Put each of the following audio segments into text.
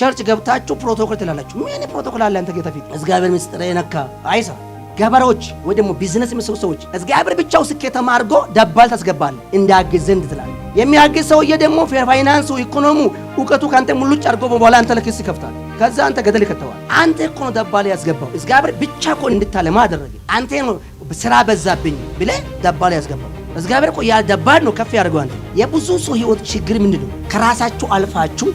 ቸርች ገብታችሁ ፕሮቶኮል ትላላችሁ። ምን ፕሮቶኮል አለ? አንተ ጌታ ፊት እግዚአብሔር ምስጢር የነካ አይሰራ። ገበሬዎች ወይ ደግሞ ቢዝነስ የሚሰሩ ሰዎች እግዚአብሔር ብቻው ስኬታማ አድርጎ ደባል ታስገባል እንዳግዝ ዘንድ ትላል። የሚያግዝ ሰውዬ ደግሞ ፋይናንሱ፣ ኢኮኖሙ፣ እውቀቱ ከአንተ ሙሉጭ አድርጎ በኋላ አንተ ለክስ ይከፍታል። ከዛ አንተ ገደል ይከተዋል። አንተ እኮ ነው ደባል ያስገባው። እግዚአብሔር ብቻ እኮ እንድታለማ አደረገ። አንተ ነው ስራ በዛብኝ ብለ ደባል ያስገባው። እግዚአብሔር እኮ ያ ደባል ነው ከፍ ያደርገው። አንተ የብዙ ሰው ህይወት ችግር ምንድን ነው? ከራሳችሁ አልፋችሁ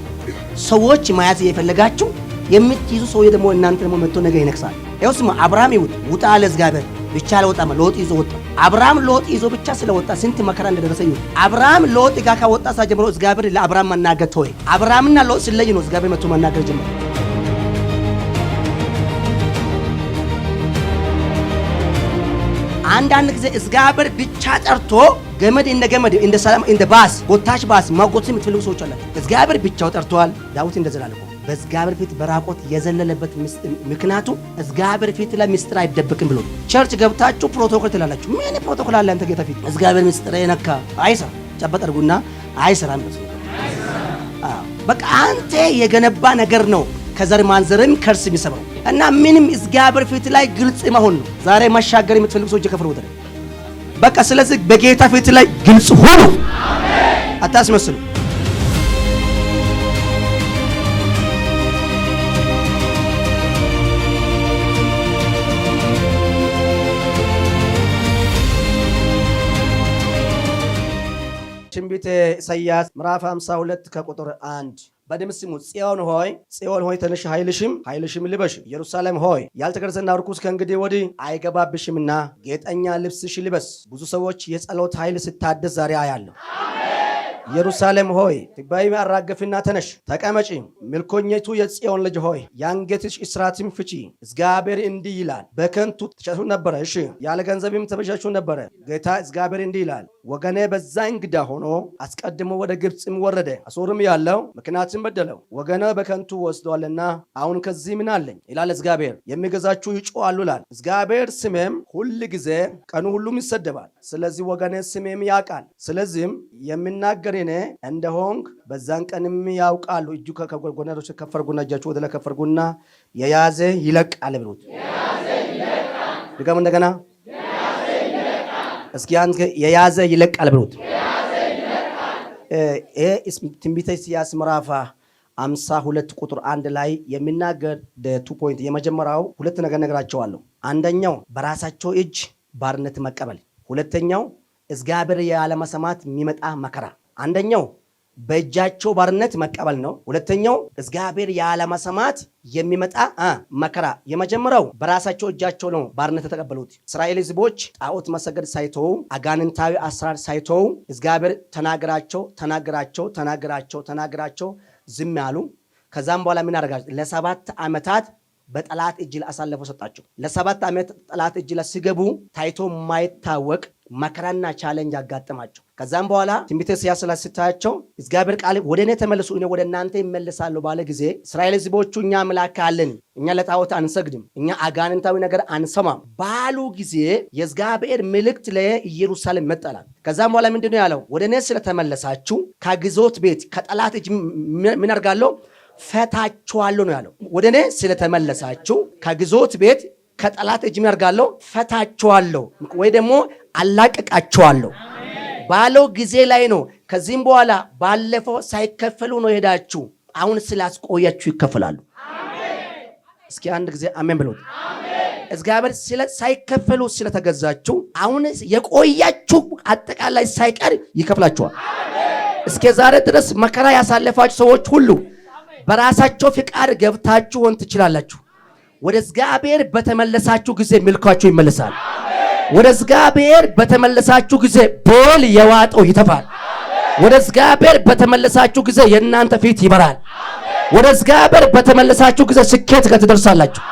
ሰዎች መያዝ እየፈለጋችሁ የምትይዙ ሰውዬ ደግሞ እናንተ ደግሞ መጥቶ ነገ ይነግሳል። ይኸው ስማ አብርሃም ይውጥ ውጣ አለ እግዚአብሔር ብቻ አልወጣም። ሎጥ ይዞ ወጣ። አብርሃም ሎጥ ይዞ ብቻ ስለወጣ ስንት መከራ እንደደረሰ ይሁን። አብርሃም ሎጥ ጋር ከወጣ ሳ ጀምሮ እግዚአብሔር ለአብርሃም መናገር ተወ። አብርሃምና ሎጥ ስለይ ነው እግዚአብሔር መጥቶ መናገር ጀመረ። አንዳንድ ጊዜ እግዚአብሔር ብቻ ጠርቶ ገመድ እንደ ገመድ እንደ ሰላም እንደ ባስ ጎታች ባስ ማጎትስ የምትፈልጉ ሰዎች አላቸው። እግዚአብሔር ብቻው ጠርተዋል። ዳዊት እንደዛ አላለፈ። በእግዚአብሔር ፊት በራቆት የዘለለበት ምክንያቱ እግዚአብሔር ፊት ላይ ምስጢር አይደብቅም ብሎ ቸርች ገብታችሁ ፕሮቶኮል ትላላችሁ። ምን ፕሮቶኮል አለ? አንተ ጌታ ፊት እግዚአብሔር ምስጢር የነካ አይሰራ። ጨበጥ አድርጉና አይሰራም። በቃ አንተ የገነባ ነገር ነው ከዘር ማንዘርም ከርስ የሚሰብረው እና ምንም እግዚአብሔር ፊት ላይ ግልጽ መሆን ነው። ዛሬ ማሻገር የምትፈልጉ ሰዎች ከፍር ወደ በቃ ስለዚህ በጌታ ፊት ላይ ግልጽ ሁኑ። አታስመስሉ። ትንቢተ ኢሳይያስ ምዕራፍ 52 ከቁጥር 1 በድምፅ ስሙ ጽዮን ሆይ ጽዮን ሆይ ተነሽ ኃይልሽም ኃይልሽም ልበሽ። ኢየሩሳሌም ሆይ ያልተገረዘና ርኩስ ከእንግዲህ ወዲህ አይገባብሽምና ጌጠኛ ልብስሽ ልበስ። ብዙ ሰዎች የጸሎት ኃይል ስታደስ ዛሬ አያለሁ። አሜን። ኢየሩሳሌም ሆይ ትባይ አራገፊና ተነሽ ተቀመጪ፣ ምልኮኘቱ የጽዮን ልጅ ሆይ የአንገትሽ እስራትም ፍቺ። እግዚአብሔር እንዲህ ይላል፣ በከንቱ ትሸሹ ነበረ፣ እሺ ያለ ገንዘብም ተበሻሹ ነበረ። ጌታ እግዚአብሔር እንዲህ ይላል፣ ወገኔ በዛ እንግዳ ሆኖ አስቀድሞ ወደ ግብፅም ወረደ፣ አሶርም ያለው ምክንያትም በደለው፣ ወገነ በከንቱ ወስዷልና አሁን ከዚህ ምን አለኝ ይላል እግዚአብሔር። የሚገዛችሁ ይጮዋሉ ይላል እግዚአብሔር። ስሜም ሁል ጊዜ ቀኑ ሁሉም ይሰደባል። ስለዚህ ወገኔ ስሜም ያውቃል። ስለዚህም የሚናገር ነግሬነ እንደሆንክ በዛን ቀንም ያውቃሉ። እጁ ከጎነሮች ከፈርጉና እጃችሁ ወደ ለከፈርጉና የያዘ ይለቃል ብሉት። ድጋም እንደገና እስኪ የያዘ ይለቃል ብሉት። ትንቢተ ኢሳይያስ ምዕራፍ አምሳ ሁለት ቁጥር አንድ ላይ የሚናገር ቱ ፖይንት የመጀመሪያው ሁለት ነገር ነግራቸዋለሁ። አንደኛው በራሳቸው እጅ ባርነት መቀበል፣ ሁለተኛው እግዚአብሔር ያለመሰማት የሚመጣ መከራ አንደኛው በእጃቸው ባርነት መቀበል ነው። ሁለተኛው እግዚአብሔር ያለመሰማት የሚመጣ መከራ። የመጀመሪያው በራሳቸው እጃቸው ነው ባርነት የተቀበሉት እስራኤል ሕዝቦች ጣዖት መሰገድ ሳይተው አጋንንታዊ አሰራር ሳይተው እግዚአብሔር ተናገራቸው ተናገራቸው ተናገራቸው ተናገራቸው ዝም ያሉ። ከዛም በኋላ ምን አደረጋቸው? ለሰባት ዓመታት በጠላት እጅ አሳልፎ ሰጣቸው። ለሰባት ዓመት ጠላት እጅ ለሲገቡ ታይቶ ማይታወቅ መከራና ቻለንጅ አጋጥማቸው ከዛም በኋላ ትንቢተ ኢሳይያስ ስታያቸው እግዚአብሔር ቃል ወደ እኔ ተመልሱ እኔ ወደ እናንተ ይመልሳለሁ ባለ ጊዜ እስራኤል ሕዝቦቹ እኛ አምላክ አለን፣ እኛ ለጣዖት አንሰግድም፣ እኛ አጋንንታዊ ነገር አንሰማም ባሉ ጊዜ የእግዚአብሔር ምልክት ለኢየሩሳሌም መጠላል። ከዛም በኋላ ምንድነው ያለው? ወደ እኔ ስለተመለሳችሁ ከግዞት ቤት ከጠላት እጅ ምን አርጋለሁ? ፈታችኋለሁ ነው ያለው። ወደ እኔ ስለተመለሳችሁ ከግዞት ቤት ከጠላት እጅ ያርጋለሁ፣ ፈታችኋለሁ፣ ወይ ደግሞ አላቀቃችኋለሁ ባለው ጊዜ ላይ ነው። ከዚህም በኋላ ባለፈው ሳይከፈሉ ነው ሄዳችሁ፣ አሁን ስላስቆያችሁ ይከፈላሉ። እስኪ አንድ ጊዜ አሜን ብሎት እግዚአብሔር ስለ ሳይከፈሉ ስለተገዛችሁ አሁን የቆያችሁ አጠቃላይ ሳይቀር ይከፍላችኋል። እስከ ዛሬ ድረስ መከራ ያሳለፋችሁ ሰዎች ሁሉ በራሳቸው ፍቃድ ገብታችሁ ሆን ትችላላችሁ። ወደ እግዚአብሔር በተመለሳችሁ ጊዜ ምልኳችሁ ይመለሳል። ወደ እግዚአብሔር በተመለሳችሁ ጊዜ ቦል የዋጠው ይተፋል። ወደ እግዚአብሔር በተመለሳችሁ ጊዜ የእናንተ ፊት ይበራል። ወደ እግዚአብሔር በተመለሳችሁ ጊዜ ስኬት ጋር ትደርሳላችሁ።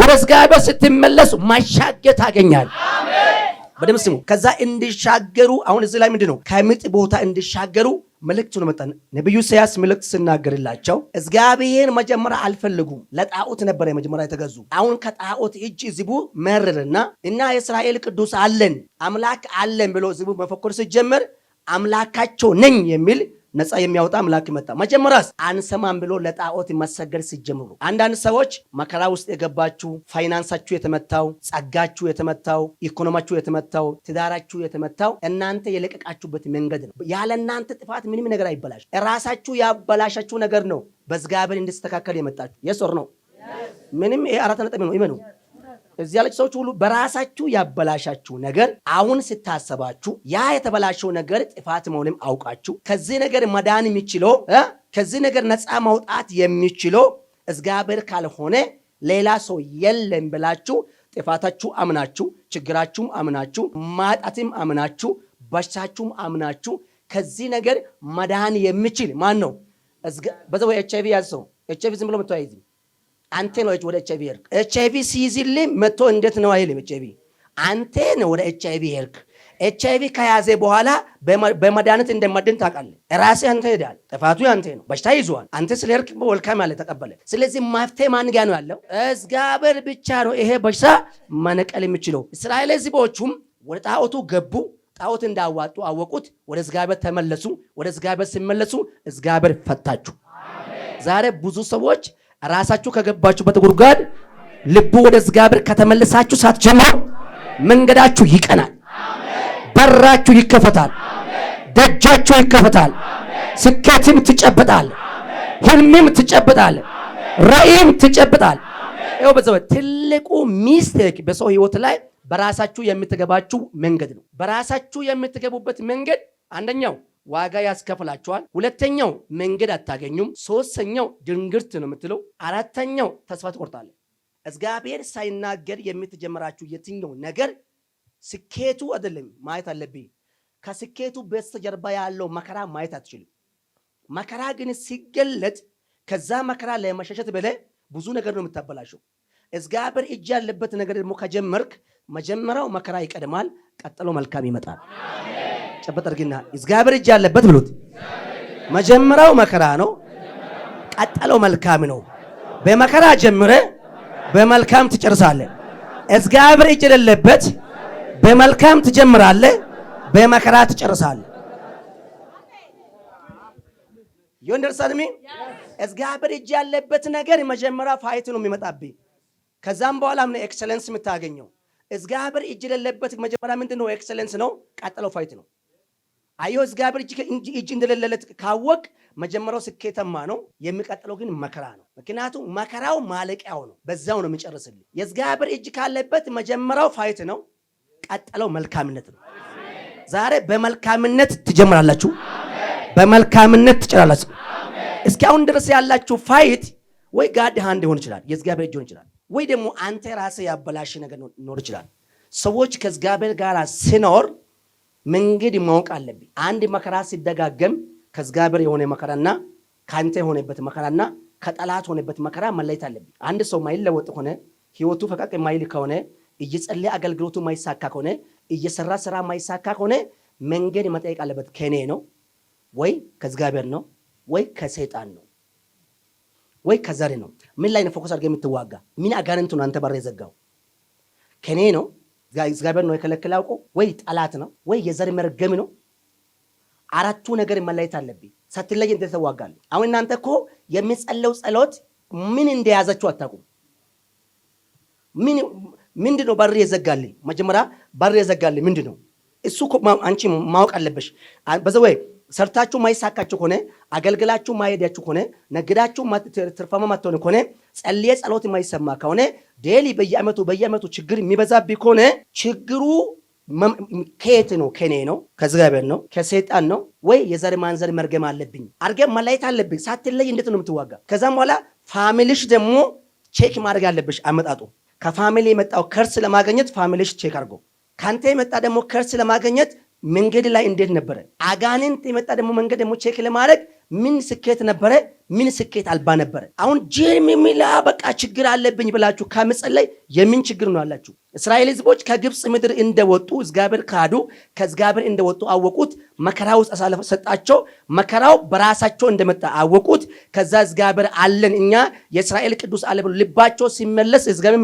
ወደ እግዚአብሔር ስትመለሱ ማሻገር ታገኛል። በደምብ ስሙ። ከዛ እንዲሻገሩ አሁን እዚህ ላይ ምንድን ነው ከምጥ ቦታ እንዲሻገሩ መልእክት ነው መጣ። ነቢዩ ኢሳያስ መልእክት ስናገርላቸው እግዚአብሔር መጀመሪያ አልፈልጉም፣ ለጣዖት ነበረ መጀመሪያ የተገዙ። አሁን ከጣዖት እጅ ህዝቡ መረርና እና የእስራኤል ቅዱስ አለን አምላክ አለን ብሎ ህዝቡ መፈኮር ሲጀመር አምላካቸው ነኝ የሚል ነፃ የሚያወጣ አምላክ መጣ። መጀመሪያስ አንሰማም ብሎ ለጣዖት መሰገድ ሲጀምሩ፣ አንዳንድ ሰዎች መከራ ውስጥ የገባችሁ፣ ፋይናንሳችሁ የተመታው፣ ጸጋችሁ የተመታው፣ ኢኮኖማችሁ የተመታው፣ ትዳራችሁ የተመታው እናንተ የለቀቃችሁበት መንገድ ነው። ያለ እናንተ ጥፋት ምንም ነገር አይበላሽ። እራሳችሁ ያበላሻችሁ ነገር ነው። በዝጋብል እንድስተካከል የመጣችሁ የሶር ነው። ምንም ይሄ አራት ነጥብ ነው። እዚህ ያለች ሰዎች ሁሉ በራሳችሁ ያበላሻችሁ ነገር አሁን ስታሰባችሁ ያ የተበላሸው ነገር ጥፋት መሆንም አውቃችሁ ከዚህ ነገር መዳን የሚችለው ከዚህ ነገር ነፃ ማውጣት የሚችለው እግዚአብሔር ካልሆነ ሌላ ሰው የለም ብላችሁ ጥፋታችሁ አምናችሁ ችግራችሁም አምናችሁ ማጣትም አምናችሁ በሽታችሁም አምናችሁ ከዚህ ነገር መዳን የሚችል ማን ነው? በዛ ኤች ያዘ ሰው ኤች ዝም ብሎ መተያይዝ አንተ ነው ወደ ኤችአይቪ አይቪ ሄድክ። ኤች አይቪ ሲይዝልህ መጥቶ እንዴት ነው አይልም። ኤችአይቪ አይቪ አንተ ነው ወደ ኤችአይቪ አይቪ ሄድክ። ኤች ከያዘ በኋላ በመድኃኒት እንደማድን ታውቃለህ። ራስህ አንተ ሄዳል። ጥፋቱ አንተ ነው። በሽታ ይዟል። አንተ ስለ ሄድክ ወልካም ያለ ተቀበለ። ስለዚህ መፍትሄ ማን ጋ ነው ያለው? እግዚአብሔር ብቻ ነው ይሄ በሽታ መነቀል የሚችለው። እስራኤል ሕዝቦቹም ወደ ጣዖቱ ገቡ። ጣዖት እንዳዋጡ አወቁት። ወደ እግዚአብሔር ተመለሱ። ወደ እግዚአብሔር ሲመለሱ እግዚአብሔር ፈታችሁ። ዛሬ ብዙ ሰዎች ራሳችሁ ከገባችሁበት ጉድጓድ ልቡ ወደ እግዚአብሔር ከተመለሳችሁ ሰዓት ጀምሮ መንገዳችሁ ይቀናል፣ በራችሁ ይከፈታል፣ ደጃችሁ ይከፈታል፣ ስኬትም ትጨብጣል፣ ህልምም ትጨብጣል፣ ራእይም ትጨብጣል። ይኸው በዘበ ትልቁ ሚስቴክ በሰው ህይወት ላይ በራሳችሁ የምትገባችሁ መንገድ ነው። በራሳችሁ የምትገቡበት መንገድ አንደኛው ዋጋ ያስከፍላቸዋል። ሁለተኛው መንገድ አታገኙም። ሶስተኛው ድንግርት ነው የምትለው። አራተኛው ተስፋ ትቆርጣለህ። እግዚአብሔር ሳይናገር የምትጀምራችሁ የትኛው ነገር ስኬቱ አይደለም ማየት አለብኝ። ከስኬቱ በስተጀርባ ያለው መከራ ማየት አትችልም። መከራ ግን ሲገለጥ ከዛ መከራ ለመሸሸት ብለህ ብዙ ነገር ነው የምታበላሸው። እግዚአብሔር እጅ ያለበት ነገር ደግሞ ከጀመርክ መጀመሪያው መከራ ይቀድማል፣ ቀጥሎ መልካም ይመጣል። ጨበጥ አድርግና እግዚአብሔር እጅ ያለበት ብሉት። መጀመሪያው መከራ ነው፣ ቀጠለው መልካም ነው። በመከራ ጀምረ በመልካም ትጨርሳለ። እግዚአብሔር እጅ የሌለበት በመልካም ትጀምራለ፣ በመከራ ትጨርሳለ። ዮንደርሳልሚ እግዚአብሔር እጅ ያለበት ነገር መጀመሪያ ፋይት ነው የሚመጣብኝ። ከዛም በኋላ ነው ኤክሰለንስ የምታገኘው። እግዚአብሔር እጅ የሌለበት መጀመሪያ ምንድን ነው? ኤክሰለንስ ነው። ቀጥለው ፋይት ነው። አየው እግዚአብሔር እጅ እንደሌለለት ካወቅ መጀመሪያው ስኬተማ ነው። የሚቀጥለው ግን መከራ ነው። ምክንያቱም መከራው ማለቂያው ነው። በዛው ነው የሚጨርስልኝ። የእግዚአብሔር እጅ ካለበት መጀመሪያው ፋይት ነው፣ ቀጠለው መልካምነት ነው። ዛሬ በመልካምነት ትጀምራላችሁ፣ በመልካምነት ትጨራላችሁ። አሁን ድረስ ያላችሁ ፋይት ወይ ጋድ ሃንድ ሊሆን ይችላል፣ የእግዚአብሔር እጅ ሊሆን ይችላል፣ ወይ ደግሞ አንተ ራስህ ያበላሽ ነገር ሊኖር ይችላል። ሰዎች ከእግዚአብሔር ጋር ሲኖር መንገድ ማወቅ አለብኝ። አንድ መከራ ሲደጋገም ከእግዚአብሔር የሆነ መከራና ከአንተ የሆነበት መከራና ከጠላት የሆነበት መከራ መለየት አለብኝ። አንድ ሰው ማይለወጥ ከሆነ ህይወቱ ፈቃቅ ማይል ከሆነ እየጸለየ አገልግሎቱ ማይሳካ ከሆነ እየሰራ ስራ ማይሳካ ከሆነ መንገድ መጠየቅ አለበት። ከኔ ነው ወይ ከእግዚአብሔር ነው ወይ ከሰይጣን ነው ወይ ከዘር ነው? ምን ላይ ነው ፎከስ አድርገህ የምትዋጋ? ምን አጋንንቱ ነው አንተ በር የዘጋው? ከኔ ነው እግዚአብሔር ነው የከለከለ አውቆ ወይ ጠላት ነው ወይ የዘር መርገም ነው። አራቱ ነገር መለየት አለብኝ። ሳትለይ እንዴት ተዋጋለሁ? አሁን እናንተ እኮ የሚጸለው ጸሎት ምን እንደያዘችው አታውቁም። ምንድን ነው በር የዘጋልኝ? መጀመሪያ በር የዘጋልኝ ምንድን ነው? እሱ አንቺ ማወቅ አለበሽ በዘወይ ሰርታችሁ ማይሳካችሁ ከሆነ አገልግላችሁ ማይሄዳችሁ ከሆነ ነግዳችሁ ትርፋማ ማትሆን ከሆነ ጸልየ ጸሎት የማይሰማ ከሆነ ዴሊ በየአመቱ በየአመቱ ችግር የሚበዛብ ከሆነ ችግሩ ከየት ነው? ከኔ ነው? ከእግዚአብሔር ነው? ከሰይጣን ነው ወይ? የዘር ማንዘር መርገም አለብኝ አርገም መለየት አለብኝ። ሳትለይ እንዴት ነው የምትዋጋ? ከዛም በኋላ ፋሚሊሽ ደግሞ ቼክ ማድረግ አለብሽ። አመጣጡ ከፋሚሊ የመጣው ከርስ ለማገኘት ፋሚሊሽ ቼክ አድርጎ ከአንተ የመጣ ደግሞ ከርስ ለማገኘት መንገድ ላይ እንዴት ነበረ? አጋንንት የመጣ ደግሞ መንገድ ደግሞ ቼክ ለማድረግ ምን ስኬት ነበረ? ምን ስኬት አልባ ነበረ? አሁን ጄም የሚላ በቃ ችግር አለብኝ ብላችሁ ከመጸለይ የምን ችግር ነው አላችሁ? እስራኤል ህዝቦች ከግብፅ ምድር እንደወጡ እግዚአብሔር ካዱ። ከእግዚአብሔር እንደወጡ አወቁት። መከራ ውስጥ አሳለፈ ሰጣቸው። መከራው በራሳቸው እንደመጣ አወቁት። ከዛ እግዚአብሔር አለን እኛ የእስራኤል ቅዱስ አለ ብሎ ልባቸው ሲመለስ እግዚአብሔር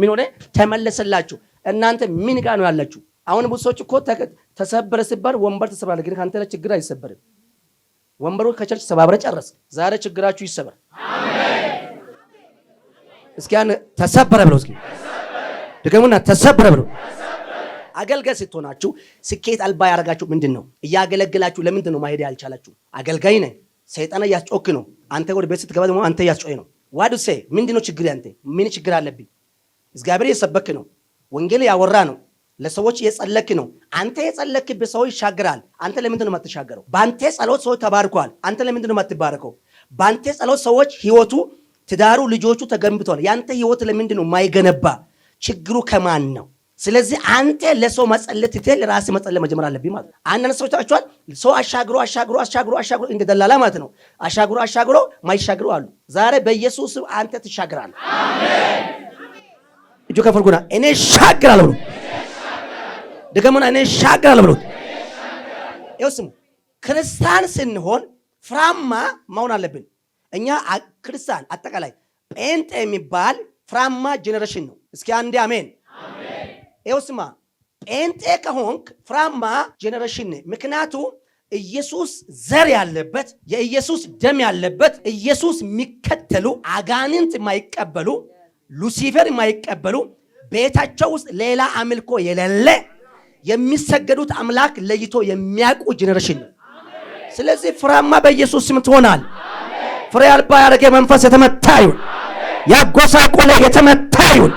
ምን ሆነ? ተመለሰላችሁ። እናንተ ምን ጋር ነው ያላችሁ? አሁን ብሶች እኮ ተሰበረ ሲባል ወንበር ተሰብራለ፣ ግን ከአንተ ላይ ችግር አይሰበርም። ወንበሩ ከቸርች ሰባብረ ጨረስ። ዛሬ ችግራችሁ ይሰበር። እስኪ ያን ተሰበረ ብለው እስኪ ድገሙና ተሰበረ ብለው። አገልጋይ ስትሆናችሁ ስኬት አልባ ያደረጋችሁ ምንድን ነው? እያገለግላችሁ ለምንድን ነው ማሄድ ያልቻላችሁ? አገልጋይ ነህ። ሰይጣን እያስጮክ ነው። አንተ ወደ ቤት ስትገባ ደግሞ አንተ እያስጮህ ነው። ዋዱ ሴ ምንድን ነው ችግር? አንተ ምን ችግር አለብኝ? እግዚአብሔር እየሰበክ ነው። ወንጌል ያወራ ነው ለሰዎች እየጸለክ ነው። አንተ የጸለክበት ሰው ይሻገራል። አንተ ለምንድን ነው የማትሻገረው? በአንተ ጸሎት ሰዎች ተባርኳል። አንተ ለምንድን ነው የማትባረከው? በአንተ ጸሎት ሰዎች ህይወቱ፣ ትዳሩ፣ ልጆቹ ተገንብተዋል። የአንተ ህይወት ለምንድን ነው የማይገነባ? ችግሩ ከማን ነው? ስለዚህ አንተ ለሰው መጸለት ትተ ለራስ መጸለ መጀመር አለብኝ ማለት ነው። አንዳንድ ሰዎች ታችኋል። ሰው አሻግሮ አሻግሮ አሻግሮ አሻግሮ እንደ ደላላ ማለት ነው። አሻግሮ አሻግሮ ማይሻግሩ አሉ። ዛሬ በኢየሱስ አንተ ትሻግራለህ። አሜን። እጆ ከፈርጉና እኔ ሻግራለሁ። ደገመና እኔ እሻገራለሁ ብሎት ይኸው ስሙ። ክርስቲያን ስንሆን ፍራማ መሆን አለብን። እኛ ክርስቲያን አጠቃላይ ጴንጤ የሚባል ፍራማ ጄኔሬሽን ነው። እስኪ አንዴ አሜን። ይኸው ስማ፣ ጴንጤ ከሆንክ ፍራማ ጄኔሬሽን ምክንያቱ ኢየሱስ ዘር ያለበት የኢየሱስ ደም ያለበት ኢየሱስ የሚከተሉ አጋንንት የማይቀበሉ ሉሲፈር የማይቀበሉ ቤታቸው ውስጥ ሌላ አምልኮ የሌለ የሚሰገዱት አምላክ ለይቶ የሚያውቁ ጄኔሬሽን ነው። ስለዚህ ፍሬያማ በኢየሱስ ስም ትሆናል። ፍሬ አልባ ያደረገ መንፈስ የተመታ ይሁን፣ ያጎሳቆለ የተመታ ይሁን፣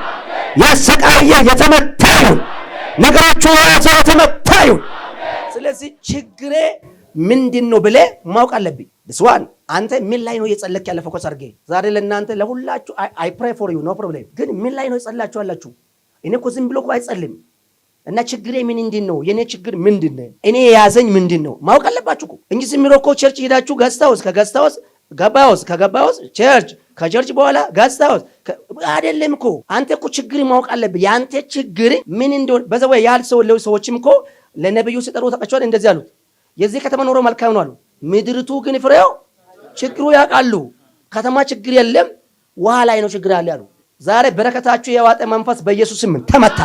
ያሰቃየ የተመታ ይሁን፣ ነገሮቹ የያዘ የተመታ ይሁን። ስለዚህ ችግሬ ምንድን ነው ብለ ማወቅ አለብኝ። ስዋን አንተ ምን ላይ ነው የጸለክ ያለ ፎከስ አድርጌ ዛሬ ለእናንተ ለሁላችሁ አይ ፕሬ ፎር ዩ ኖ ፕሮብሌም። ግን ምን ላይ ነው የጸላችሁ አላችሁ? እኔ እኮ ዝም ብሎ አይጸልም እና ችግሬ ምን ምንድን ነው? የእኔ ችግር ምንድን ነው? እኔ የያዘኝ ምንድን ነው ማወቅ አለባችሁ እኮ እንጂ ስሚሮኮ ቸርች ሄዳችሁ ገዝታ ውስጥ ከገዝታ ውስጥ ቸርች ከቸርች በኋላ ገዝታ ውስጥ አይደለም እኮ። አንተ እኮ ችግር ማወቅ አለብህ። የአንተ ችግር ምን እንደሆነ በዛ ወይ ያህል ሰው ለው ሰዎችም እኮ ለነብዩ ሲጠሩ ተቀቸዋል። እንደዚህ አሉት፣ የዚህ ከተማ ኖሮ መልካም ነው አሉ። ምድርቱ ግን ፍሬው ችግሩ ያውቃሉ። ከተማ ችግር የለም፣ ውሃ ላይ ነው ችግር ያለ አሉ። ዛሬ በረከታችሁ የዋጠ መንፈስ በኢየሱስ ስም ተመታ።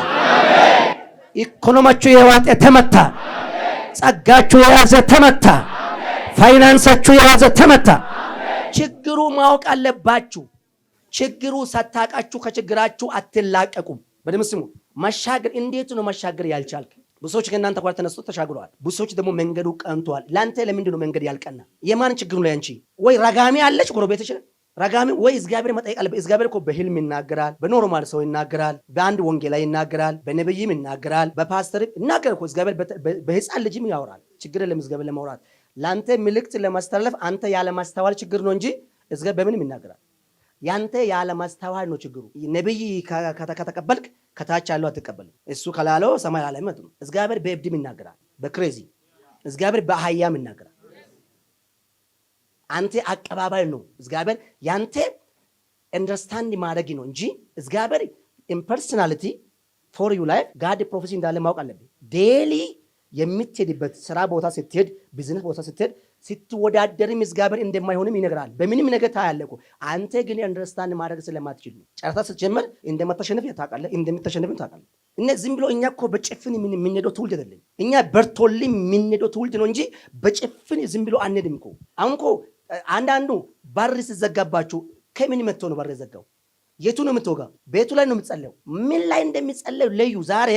ኢኮኖማችሁ የዋጠ ተመታ። ጸጋችሁ የያዘ ተመታ። ፋይናንሳችሁ የያዘ ተመታ። ችግሩ ማወቅ አለባችሁ። ችግሩ ሳታውቃችሁ ከችግራችሁ አትላቀቁም። በደምብ ስሙ። መሻገር እንዴት ነው መሻገር ያልቻልክ? ብሶች ከእናንተ ጋር ተነስቶ ተሻግረዋል። ብሶች ሰዎች ደግሞ መንገዱ ቀንቷል። ለአንተ ለምንድን ነው መንገድ ያልቀና? የማን ችግሩ ላይ አንቺ ወይ ረጋሚ አለች ጎረቤትሽ ረጋሚ ወይ እግዚአብሔር መጠየቅ አለበት። እግዚአብሔር እኮ በህልም ይናገራል፣ በኖርማል ሰው ይናገራል፣ በአንድ ወንጌላዊ ይናገራል፣ በነብይም ይናገራል፣ በፓስተርም ይናገር እግዚአብሔር በህፃን ልጅም ያወራል። ችግር የለም እግዚአብሔር ለማውራት ለአንተ ምልክት ለማስተላለፍ አንተ ያለማስተዋል ችግር ነው እንጂ እግዚአብሔር በምንም ይናገራል። ያንተ ያለማስተዋል ነው ችግሩ። ነብይ ከተቀበልክ ከታች ያለው አትቀበልም። እሱ ከላለው ሰማይ ላለ ነው። እግዚአብሔር በእብድም ይናገራል፣ በክሬዚ እግዚአብሔር በአህያም ይናገራል። አንተ አቀባባይ ነው እግዚአብሔር ያንተ አንደርስታንድ ማድረግ ነው እንጂ እግዚአብሔር ኢምፐርሶናሊቲ ፎር ዩ ላይፍ ጋድ ፕሮፌሲ እንዳለ ማወቅ አለብን። ዴሊ የምትሄድበት ስራ ቦታ ስትሄድ፣ ቢዝነስ ቦታ ስትሄድ ስትወዳደርም እግዚአብሔር እንደማይሆንም ይነግራል። በምንም ነገር ታያለህ እኮ አንተ ግን አንደርስታንድ ማድረግ ስለማትችል ነው። ጨረታ ስትጀምር እንደማታሸንፍ ታውቃለህ፣ እንደምታሸንፍም ታውቃለህ። እና ዝም ብሎ እኛ እኮ በጭፍን የምንሄደው ትውልድ አይደለም። እኛ በርቶልም የምንሄደው ትውልድ ነው እንጂ በጭፍን ዝም ብሎ አንሄድም እኮ አሁን እኮ አንዳንዱ በር ሲዘጋባችሁ ከምን መጥቶ ነው በር የዘጋው? የቱ ነው የምትወጋው? ቤቱ ላይ ነው የምትጸለዩ? ምን ላይ እንደሚጸለዩ ለዩ። ዛሬ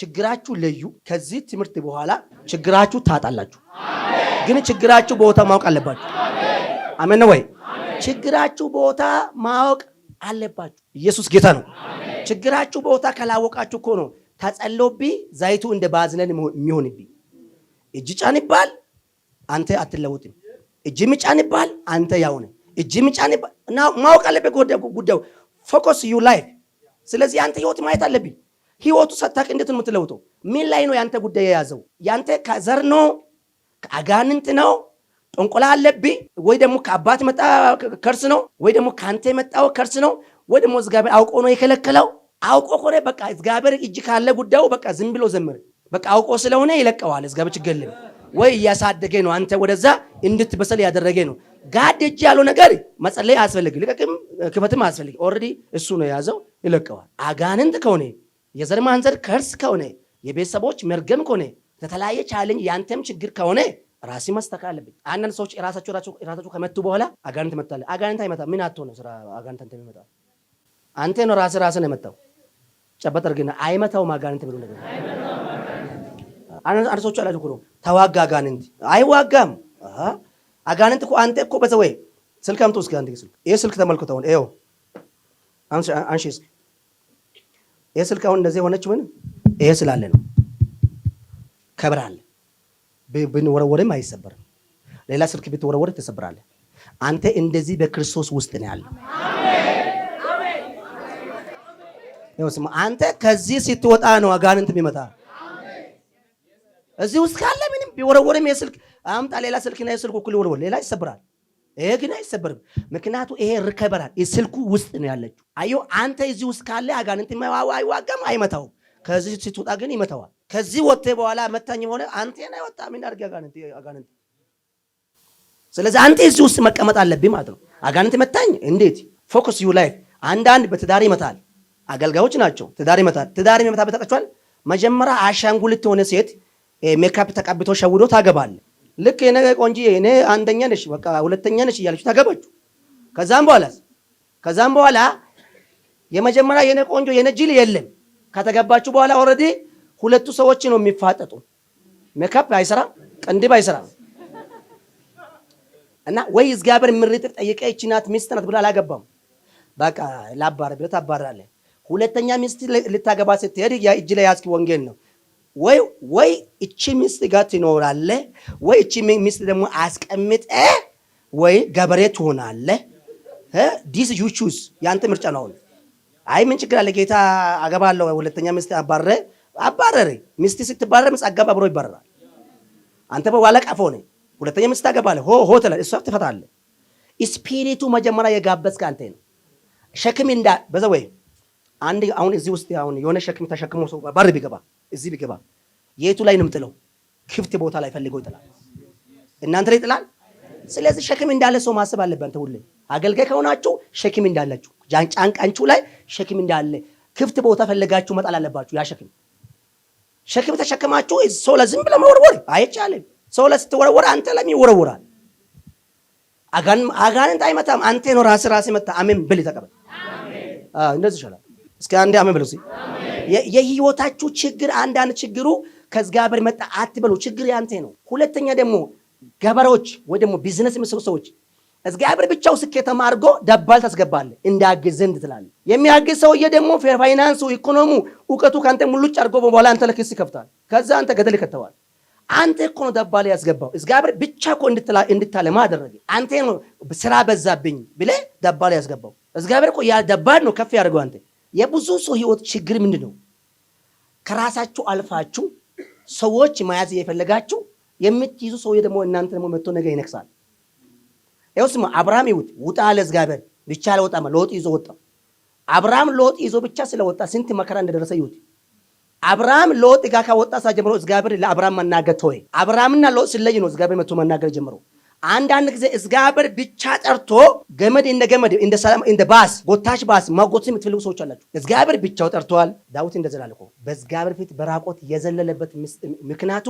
ችግራችሁ ለዩ። ከዚህ ትምህርት በኋላ ችግራችሁ ታጣላችሁ። ግን ችግራችሁ ቦታ ማወቅ አለባችሁ። አሜን ነው ወይ? ችግራችሁ ቦታ ማወቅ አለባችሁ። ኢየሱስ ጌታ ነው። ችግራችሁ ቦታ ካላወቃችሁ እኮ ነው ተጸሎቢ ዘይቱ እንደ ባዝነን የሚሆንብኝ እጅ ጫን ይባል አንተ አትለውጥም። እጅ ምጫን ይባል አንተ ያውነ እጅ ምጫን ይባል ማወቅ አለበት ጉዳዩ ፎከስ ዩ ላይፍ። ስለዚህ ያንተ ህይወት ማየት አለብኝ። ህይወቱ ሰታቅ እንዴት ነው የምትለውጠው? ምን ላይ ነው ያንተ ጉዳይ የያዘው? ያንተ ከዘር ነው ከአጋንንት ነው ጥንቆላ አለብኝ ወይ ደግሞ ከአባት መጣ ከርስ ነው ወይ ደግሞ ከአንተ የመጣው ከርስ ነው ወይ ደግሞ እግዚአብሔር አውቆ ነው የከለከለው። አውቆ ከሆነ በቃ እግዚአብሔር እጅ ካለ ጉዳዩ በቃ ዝም ብሎ ዘምር። በቃ አውቆ ስለሆነ ይለቀዋል። እግዚአብሔር ችግር የለም። ወይ እያሳደገ ነው። አንተ ወደዛ እንድትበሰል ያደረገ ነው። ጋድ እጅ ያለው ነገር መጸለይ አያስፈልግ፣ ልቀቅም ክፈትም አያስፈልግ። ኦልሬዲ እሱ ነው የያዘው፣ ይለቀዋል። አጋንንት ከሆነ የዘር ማንዘር ከርስ ከሆነ የቤተሰቦች መርገም ከሆነ የተለያየ ቻለንጅ የአንተም ችግር ከሆነ ራሲ መስተካከል አለብኝ። አንዳንድ ሰዎች ራሳቸው ራሳቸው ከመቱ በኋላ አጋንንት መጣለ። አጋንንት አይመጣ ምን አትሆን ነው ስራ አጋንንት እንትን ይመጣል። አንተ ነው ራስ ራስህ ነው የመጣው። ጨበጥ አድርግና አይመታውም። አጋንንት ብሎ ነገር አንሶቹ አላልኩ ነው። ተዋጋ አጋንንት አይዋጋም። አጋንንት እኮ አንተ እኮ ወይ ስልክ አምጡ እስኪ አንድ ስልክ ይሄ ስልክ ተመልክቶ አሁን ይኸው አንሺ እስኪ ይህ ስልክ አሁን እንደዚህ የሆነች ምን ይሄ ስላለ ነው። ከብራለ ብንወረወርም አይሰበርም። ሌላ ስልክ ብትወረወር ተሰብራለ። አንተ እንደዚህ በክርስቶስ ውስጥ ነው ያለ አንተ ከዚህ ስትወጣ ነው አጋንንት የሚመጣ እዚህ ውስጥ ካለ ምንም ቢወረወርም የስልክ አምጣ ሌላ ስልክ ና የስልኩ እኩል ይወረወር ሌላ ይሰብራል። ይሄ ግን አይሰበርም። ምክንያቱ ይሄ ርከበራል የስልኩ ውስጥ ነው ያለችው። አዮ አንተ እዚህ ውስጥ ካለ አጋንንት አይዋጋም፣ አይመታውም። ከዚህ ስትወጣ ግን ይመተዋል ከዚህ ወጥቴ በኋላ መታኝ ሆነ አንቴን አይወጣ ምን አድርግ አጋንንት አጋንንት። ስለዚህ አንተ እዚህ ውስጥ መቀመጥ አለብኝ ማለት ነው። አጋንንት መታኝ እንዴት ፎከስ ዩ ላይፍ። አንዳንድ በትዳር ይመታል፣ አገልጋዮች ናቸው። ትዳር ይመታል። ትዳር ይመታ በተቀቻል መጀመሪያ አሻንጉልት የሆነ ሴት ሜካፕ ተቀብቶ ሸውዶ ታገባለ። ልክ የነገ ቆንጂ እኔ አንደኛ ነሽ በቃ ሁለተኛ ነሽ እያለች ታገባችሁ። ከዛም በኋላ ከዛም በኋላ የመጀመሪያ የነ ቆንጆ የኔ ጅል የለም። ከተገባችሁ በኋላ ኦልሬዲ ሁለቱ ሰዎች ነው የሚፋጠጡ። ሜካፕ አይሰራም፣ ቅንድብ አይሰራም። እና ወይ እግዚአብሔር ምርጥር ጠይቀ ይቺ ናት ሚስት ናት ብላ አላገባም። በቃ ላባረ ብለ ታባራለ። ሁለተኛ ሚስት ልታገባ ስትሄድ እጅ ላይ ያዝክ ወንጌል ነው ወይ ወይ እቺ ሚስት ጋር ትኖራለ ወይ እቺ ሚስት ደግሞ አስቀምጠ ወይ ገበሬ ትሆናለ ዲስ ዩ ቹዝ ያንተ ምርጫ ነው። አይ ምን ችግር አለ? ጌታ አገባለሁ። ሁለተኛ ሚስት አባረ አባረረ። ሚስት ስትባረር አገባ ብሮ ይባረራል። አንተ በኋላ ቀፎ ነ ሁለተኛ ሚስት አገባለሁ ሆ ሆ ትላለህ፣ እሷ ትፈታለህ። ስፒሪቱ መጀመሪያ የጋበዝከ አንተ ነው። ሸክም እንዳ በዛ ወይ አንድ አሁን እዚህ ውስጥ አሁን የሆነ ሸክም ተሸክሞ ሰው ባር ቢገባ እዚህ ቢገባ የቱ ላይ ነው የምጥለው? ክፍት ቦታ ላይ ፈልገው ይጥላል። እናንተ ላይ ይጥላል። ስለዚህ ሸክም እንዳለ ሰው ማሰብ አለበት። አንተ ሁሌ አገልጋይ ከሆናችሁ ሸክም እንዳላችሁ ጫንቃንቹ ላይ ሸክም እንዳለ ክፍት ቦታ ፈልጋችሁ መጣል አለባችሁ። ያ ሸክም ሸክም ተሸክማችሁ ሰው ለዝም ብለ መወርወር አይቻልም። ሰው ላይ አንተ ለም ይወረወራል። አጋንንት አይመታም። አንተ ነው ራስ ራስ መታ አሜን ብል ተቀበል። እንደዚህ ይሻላል። እስኪ አንዴ አሜን ብለው የህይወታችሁ ችግር አንዳንድ ችግሩ ከእግዚአብሔር መጣ አትበሉ። ችግር ያንተ ነው። ሁለተኛ ደግሞ ገበሬዎች ወይ ደግሞ ቢዝነስ የሚሰሩ ሰዎች እግዚአብሔር ብቻው ስኬታማ አድርጎ ደባል ታስገባለ እንዳግዝ ዘንድ ትላለ። የሚያግዝ ሰውዬ ደግሞ ፋይናንሱ፣ ኢኮኖሙ፣ እውቀቱ ከአንተ ሙሉጭ አድርጎ በኋላ አንተ ለክስ ይከፍታል። ከዛ አንተ ገደል ይከተዋል። አንተ እኮ ነው ደባል ያስገባው። እግዚአብሔር ብቻ እኮ እንድታለማ አደረገ። አንተ ነው ስራ በዛብኝ ብለ ደባል ያስገባው። እግዚአብሔር እኮ ያ ደባል ነው ከፍ ያደርገው አንተ የብዙ ሰው ህይወት ችግር ምንድን ነው? ከራሳችሁ አልፋችሁ ሰዎች መያዝ እየፈለጋችሁ የምትይዙ ሰው ደግሞ እናንተ ደግሞ መጥቶ ነገር ይነክሳል። ይኸው ስማ አብርሃም ይውት ውጣ አለ እግዚአብሔር ብቻ አልወጣም፣ ሎጥ ይዞ ወጣ። አብርሃም ሎጥ ይዞ ብቻ ስለወጣ ስንት መከራ እንደደረሰ ይውት። አብርሃም ሎጥ ጋር ከወጣ ሰዓት ጀምሮ እግዚአብሔር ለአብርሃም መናገር ተወ። አብርሃምና ሎጥ ሲለይ ነው እግዚአብሔር መጥቶ መናገር ጀምሮ አንዳንድ ጊዜ እግዚአብሔር ብቻ ጠርቶ ገመድ እንደ ገመድ እንደ ሰላም እንደ ባስ ጎታች ባስ ማጎትስ የምትፈልጉ ሰዎች አላችሁ። እግዚአብሔር ብቻው ጠርተዋል። ዳዊት እንደዚህ አለ እኮ በእግዚአብሔር ፊት በራቆት የዘለለበት ምክንያቱ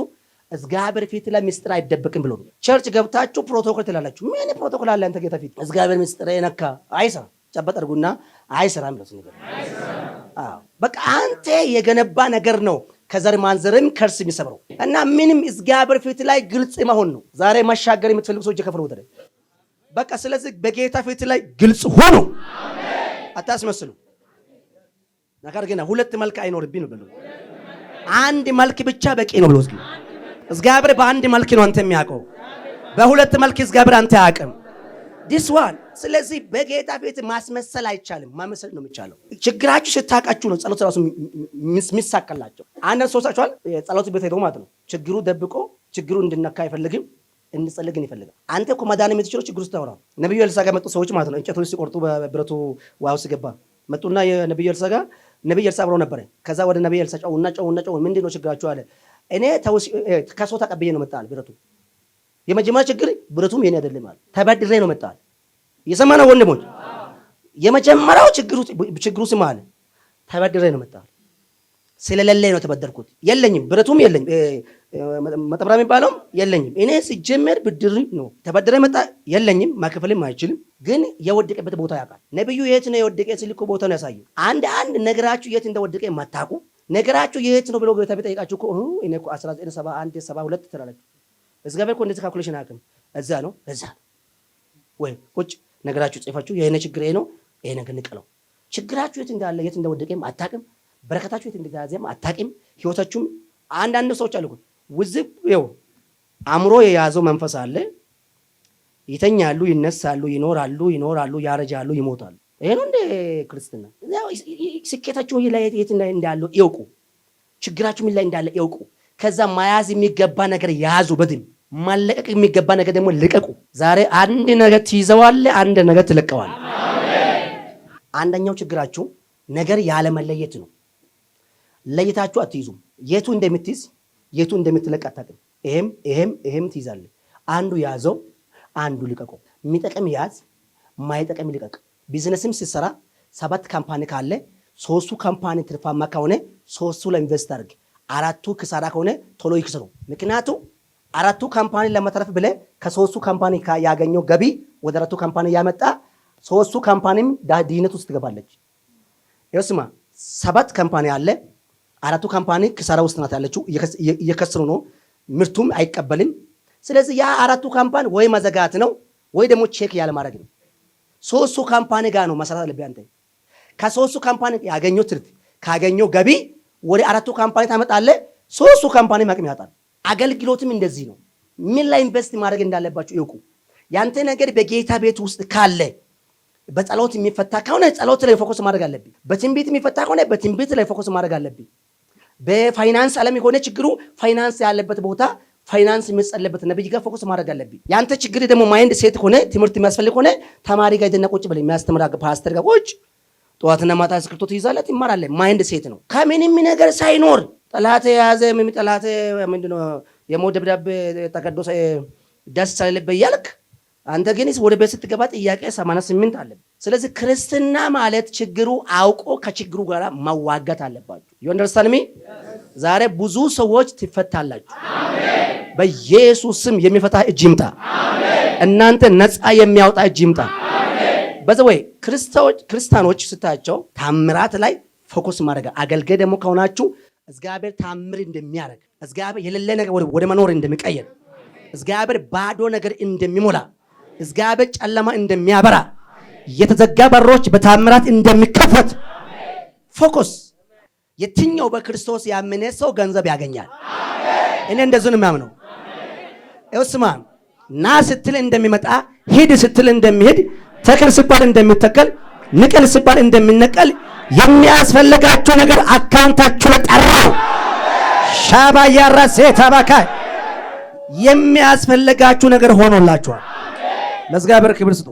እግዚአብሔር ፊት ላይ ምስጢር አይደበቅም ብሎ ቸርች ገብታችሁ ፕሮቶኮል ትላላችሁ። ምን ፕሮቶኮል አለ? አንተ ጌታ ፊት እግዚአብሔር ምስጢር የነካ አይሰራ ጨበጥ አድርጉና አይሰራም ብሎት ነገር በቃ አንተ የገነባ ነገር ነው ከዘር ማንዘርም ከርስ የሚሰብረው እና ምንም እግዚአብሔር ፊት ላይ ግልጽ መሆን ነው። ዛሬ መሻገር የምትፈልጉ ሰዎች ከፍሎ ወደ በቃ። ስለዚህ በጌታ ፊት ላይ ግልጽ ሆኖ አታስመስሉ። ነገር ግን ሁለት መልክ አይኖርብኝ ነው ብሎ አንድ መልክ ብቻ በቂ ነው ብሎ እግዚአብሔር በአንድ መልክ ነው አንተ የሚያውቀው፣ በሁለት መልክ እግዚአብሔር አንተ አያውቅም። ዲስ ዋን ስለዚህ በጌታ ፊት ማስመሰል አይቻልም። ማመሰል ነው የሚቻለው። ችግራችሁ ስታውቃችሁ ነው ጸሎት ራሱ የሚሳካላቸው። አንዳንድ ሰዎች አይታችኋል፣ ጸሎት ቤት ሄደው ማለት ነው ችግሩ ደብቆ ችግሩ እንድነካ አይፈልግም እንጸልግን ይፈልጋል። አንተ እኮ መዳን የምትችለው ችግር ውስጥ ታወራ። ነቢዩ ኤልሳ ጋር መጡ ሰዎች ማለት ነው። እንጨቶች ሲቆርጡ በብረቱ ውሃ ውስጥ ገባ መጡና የነቢዩ ኤልሳ ጋር ነቢዩ ኤልሳ አብረው ነበረ። ከዛ ወደ ነቢዩ ኤልሳ ጨውና ጨውና ጨው ምንድን ነው ችግራችሁ አለ። እኔ ከሰው ተቀብዬ ነው መጣል ብረቱ የመጀመሪያ ችግር ብረቱም የኔ አይደለም አለ። ተበድሬ ነው መጣል የሰማነው ወንድሞች፣ የመጀመሪያው ችግሩ ስም አለ ተበድሬ ነው መጣ ስለሌለኝ ነው ተበደርኩት። የለኝም ብረቱም የለኝም መጠብራ የሚባለውም የለኝም። እኔ ሲጀመር ብድር ነው ተበደረ መጣ የለኝም ማከፈልም አይችልም። ግን የወደቀበት ቦታ ያውቃል። ነቢዩ የት ነው የወደቀ ስልኮ ቦታ ነው ያሳየው። አንድ አንድ ነገራችሁ የት እንደወደቀ የማታውቁ ነገራችሁ የት ነው ብሎ ጌታ ቢጠይቃችሁ እኮ እኔ እኮ 1971 72 ትላላችሁ። እንደዚህ ካልኩሌሽን አያውቅም። እዛ ነው እዛ ወይ ቁጭ ነገራችሁ ጽፋችሁ የሆነ ችግር ነው ይሄ ነገር ንቀለው። ችግራችሁ የት እንዳለ የት እንደወደቀም አታቅም። በረከታችሁ የት እንደጋዘም አታቅም። ህይወታችሁም አንዳንድ ሰዎች አልኩ ውዝብ ይው አእምሮ የያዘው መንፈስ አለ። ይተኛሉ፣ ይነሳሉ፣ ይኖራሉ፣ ይኖራሉ፣ ያረጃሉ፣ ይሞታሉ። ይሄ ነው እንደ ክርስትና። ስኬታችሁ የት እንዳለው ይውቁ። ችግራችሁ ምን ላይ እንዳለ ይውቁ። ከዛ መያዝ የሚገባ ነገር ያዙ በድን ማለቀቅ የሚገባ ነገር ደግሞ ልቀቁ። ዛሬ አንድ ነገር ትይዘዋለ፣ አንድ ነገር ትለቀዋል። አንደኛው ችግራችሁ ነገር ያለመለየት ነው። ለይታችሁ አትይዙም። የቱ እንደምትይዝ የቱ እንደምትለቅ አታውቅም። ይሄም ይሄም ይሄም ትይዛለ። አንዱ ያዘው፣ አንዱ ልቀቁ። የሚጠቅም ያዝ፣ ማይጠቅም ልቀቅ። ቢዝነስም ሲሰራ ሰባት ካምፓኒ ካለ ሶስቱ ካምፓኒ ትርፋማ ከሆነ ሶስቱ ለኢንቨስት አድርግ፣ አራቱ ክሳራ ከሆነ ቶሎ ይክሰሩ። ምክንያቱ አራቱ ካምፓኒ ለመተረፍ ብለ ከሶስቱ ካምፓኒ ያገኘው ገቢ ወደ አራቱ ካምፓኒ ያመጣ፣ ሶስቱ ካምፓኒም ድህነት ውስጥ ትገባለች። ይኸው ስማ፣ ሰባት ካምፓኒ አለ። አራቱ ካምፓኒ ክሳራ ውስጥ ናት ያለችው፣ እየከስሩ ነው፣ ምርቱም አይቀበልም። ስለዚህ ያ አራቱ ካምፓኒ ወይ መዘጋት ነው ወይ ደግሞ ቼክ ያለማድረግ ነው። ሶስቱ ካምፓኒ ጋር ነው መሰራት አለብህ አንተ። ከሶስቱ ካምፓኒ ያገኘው ትርፍ ካገኘው ገቢ ወደ አራቱ ካምፓኒ ታመጣለህ። ሶስቱ ካምፓኒ አቅም ያጣል። አገልግሎትም እንደዚህ ነው። ምን ላይ ኢንቨስት ማድረግ እንዳለባችሁ እውቁ። ያንተ ነገር በጌታ ቤት ውስጥ ካለ በጸሎት የሚፈታ ከሆነ ጸሎት ላይ ፎከስ ማድረግ አለብኝ። በትንቢት የሚፈታ ከሆነ በትንቢት ላይ ፎከስ ማድረግ አለብኝ። በፋይናንስ ዓለም የሆነ ችግሩ ፋይናንስ ያለበት ቦታ ፋይናንስ የሚጸለበት ነብይ ጋር ፎከስ ማድረግ አለብኝ። ያንተ ችግር ደግሞ ማይንድ ሴት ሆነ ትምህርት የሚያስፈልግ ሆነ ተማሪ ጋር ሄደና ቁጭ ብለህ የሚያስተምር ፓስተር ጋር ቁጭ ጠዋትና ማታ እስክሪብቶ ትይዛለህ፣ ትማራለህ። ማይንድ ሴት ነው ከምንም ነገር ሳይኖር ጠላት የያዘ ምን ጠላት ምንድን ነው የሞት ደብዳቤ ተቀዶ ደስ ሳይልበት እያልክ አንተ ግን ወደ ቤት ስትገባ ጥያቄ 88 አለ። ስለዚህ ክርስትና ማለት ችግሩ አውቆ ከችግሩ ጋር መዋጋት አለባችሁ። ዩንደርስታንሚ ዛሬ ብዙ ሰዎች ትፈታላችሁ። በኢየሱስ ስም የሚፈታ እጅ ይምጣ። እናንተ ነፃ የሚያወጣ እጅ ይምጣ። በዛ ወይ ክርስቲያኖች ስታቸው ታምራት ላይ ፎከስ ማድረግ አገልጋይ ደግሞ ከሆናችሁ እግዚአብሔር ታምር እንደሚያደርግ እግዚአብሔር የሌለ ነገር ወደ መኖር እንደሚቀየር እግዚአብሔር ባዶ ነገር እንደሚሞላ እግዚአብሔር ጨለማ እንደሚያበራ የተዘጋ በሮች በታምራት እንደሚከፈት ፎከስ። የትኛው በክርስቶስ ያመነ ሰው ገንዘብ ያገኛል። እኔ እንደዚህ ነው የማምነው። ይኸው ስማ፣ ና ስትል እንደሚመጣ፣ ሂድ ስትል እንደሚሄድ፣ ተክል ስባል እንደሚተከል፣ ንቀል ስባል እንደሚነቀል የሚያስፈልጋችሁ ነገር አካውንታችሁ ጠራው። ሻባ ያራሴ ታባካይ የሚያስፈልጋችሁ ነገር ሆኖላችኋል። ለእግዚአብሔር ክብር ስጡ።